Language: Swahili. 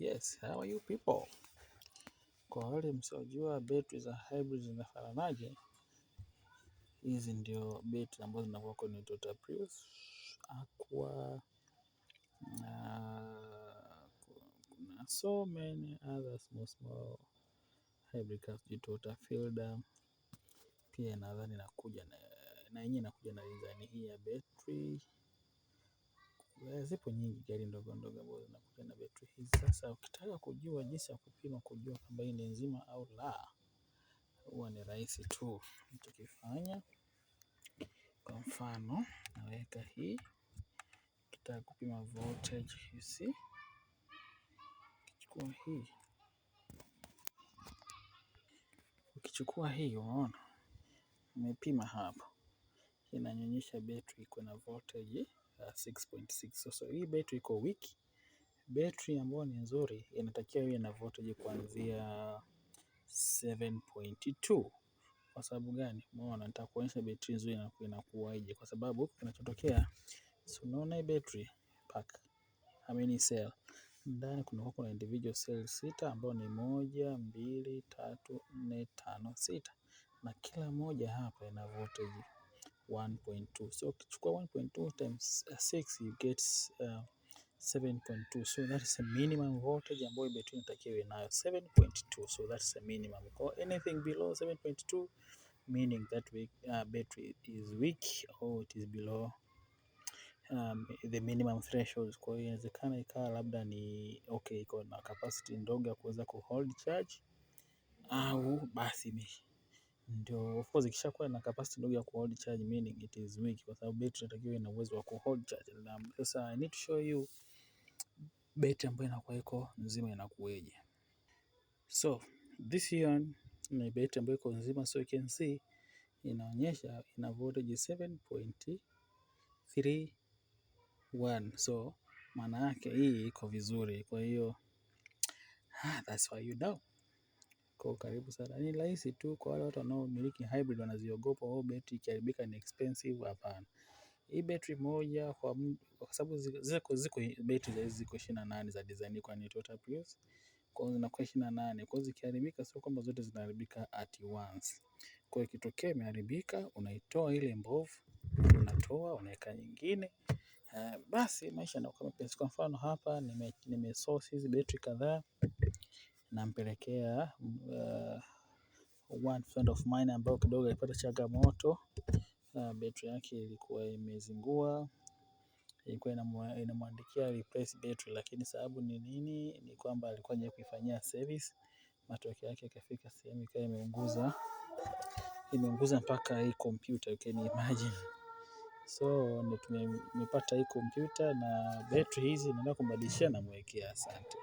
Yes, how are you people? Kwa wale msiojua betri za hybrid zinafananaje, hizi ndio betri ambazo zinakuwa kwenye Toyota Prius Aqua na kuna so many other small small hybrid cars, Toyota Fielder pia nadhani inakuja na yenyewe inakuja na design hii ya betri. Eh, zipo nyingi gari ndogo ndogo ambazo zinakuja na betri hizi. Sasa ukitaka kujua jinsi ya kupima, kujua kwamba hii ni nzima au la, huwa ni rahisi tu mtukifanya. Kwa mfano naweka hii, ukitaka kupima voltage hizi, ukichukua hii, ukichukua hii, unaona umepima hapo, inanyonyesha betri iko na voltage 6.6. So so hii betri iko weak. Betri ambayo ni nzuri inatakiwa iwe na voltage kuanzia 7.2. Kwa sababu gani? Umeona, nitakuonyesha betri nzuri inakuwaje, kwa sababu kinachotokea so, unaona hii betri pack I mean cell ndani kunakuwa kuna individual cell sita ambayo ni moja, mbili, tatu, nne, tano, sita na kila moja hapa ina voltage 1.2 so ukichukua 1.2 times 6 uh, you get uh, 7.2 so that is a minimum voltage ambayo betri inatakiwa iwe nayo 7.2 so that's a minimum or anything below 7.2 meaning that we, uh, battery is weak or it is below um, the minimum threshold. Kwa hiyo inawezekana ikawa labda ni okay, iko na capacity ndogo ya kuweza ku hold charge au basi ni ndio of course ikishakuwa na capacity ndogo ya kuhold charge meaning it is weak kwa sababu battery inatakiwa ina uwezo wa kuhold charge. Na sasa I need to show you battery ambayo inakuwa iko nzima inakuweje So this one ni battery ambayo iko nzima, so you can see inaonyesha ina voltage 7.31 so maana yake hii iko vizuri, kwa hiyo ah, that's why you know kwa ukaribu sana. Ni rahisi tu kwa wale watu wanaomiliki hybrid wanaziogopa au oh, betri ikiharibika ni expensive hapana. Hii betri moja kwa sababu ziko ziko betri za hizi ziko ishirini na nane za design kwa ni Toyota Prius. Kwa hiyo zinakuwa ishirini na nane kwa hiyo zikiharibika sio kwamba zote zinaharibika at once. Kwa hiyo ikitokea imeharibika unaitoa ile mbovu unatoa unaweka nyingine. Uh, Basi maisha yanakuwa mepesi kwa mfano hapa nimesource hizi betri kadhaa nampelekea uh, one friend of mine ambao kidogo alipata changamoto uh, betri yake ilikuwa imezingua ilikuwa inamwandikia replace betri lakini sababu ni nini ni kwamba alikuwa nje kuifanyia service matokeo yake ikafika sehemu ikawa imeunguza imeunguza mpaka hii kompyuta you can imagine so nimepata hii kompyuta na betri hizi naenda kumbadilishia namwekea asante.